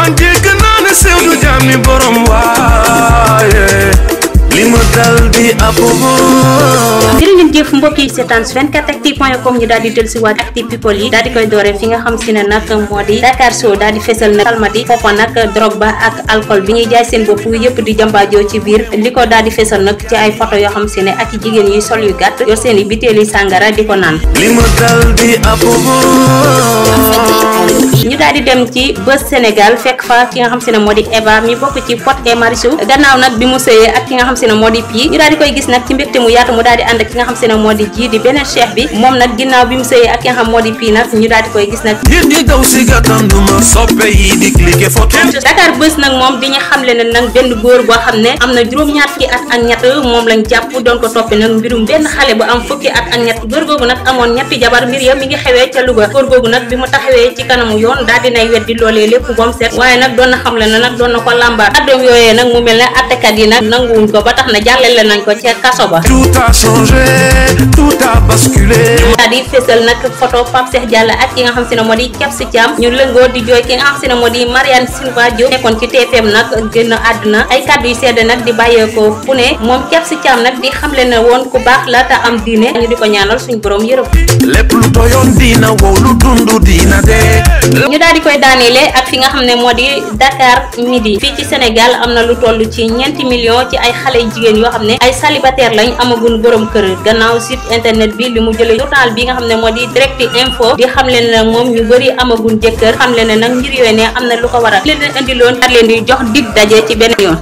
man dégg naa sew du jaam ni borom waaye jërë ngeen jëf mbokk yi seetaan 24actu point com ñu daal di dellusiwaat actu people yi daal koy doore fi nga xam si ne nag moo di Dakar Show daal di fesal na Almadies foofa nag drogue ba ak alcool bi ñuy jaay seen bopp yëpp di jàmbaajoo ci biir li ko daal di nag ci ay photo yoo xam si ne ak jigéen yuy sol yu gàtt yor seen i biteeli sàngara di ko naan ñu daal di dem ci bës di Eva mi bokk ci Pod et Marichou gannaaw nag bi mu sëyee ak ki nga xam si daal di koy gis nag ci mbégte mu yaatu mu daal di ànd ak ki nga xam se ne moo di ji di beneen cheikh bi moom nag ginnaaw bi mu sëyee ak ki nga xam moo di pii nag ñu daal di koy gis nag Dakar Buzz nag moom di ñu xamle ne nag benn góor boo xam ne am na juróom-ñaar fukki at ak ñett moom lañ jàpp doon ko toppee nag mbirum benn xale bu am fukki at ak ñett góor googu nag amoon ñetti jabar mbir ya mi ngi xewee ca Louga góor googu nag bi mu taxawee ci kanamu yoon daal dinay weddi loolee lépp boom seet waaye nag doon na xamle ne nag doon na ko làmbaar addoom yooyee nag mu mel ne attekat yi nag nanguwuñ ko ba tax na jàllale nañ ko ca kaso ba. tout a changé tout a basculé. daal di fésal nag photo Pape Cheikh Diallo ak ki nga xam si ne moo di Kebs Thiam ñu lëngoo di jooy ki nga xam si ne moo di Mariane Silva Diop nekkoon ci TFM nag génn àdduna ay kàddu yu sedd nag di bàyyeekoo fu ne moom Kebs Thiam nag di xamle na woon ku baax laata am diine ñu di ko ñaanal suñu borom yërëm. lépp lu doyoon diina wow lu dund diina dee. ñu daal di koy daaneele at fi nga xam ne moo di Dakar midi fii ci Sénégal am na lu toll ci ñeenti millions ci ay xale jigéen yoo xam ne ay célibataire lañ amagun borom kër gannaaw site internet bi li mu jëlee journal bi nga xam ne moo di direct info di xam leen nag moom ñu bëri amagun jëkkër xam leen ne nag ngir yooyu am na lu ko waral leen leen indi loon daal leen di jox dig daje ci beneen yoon.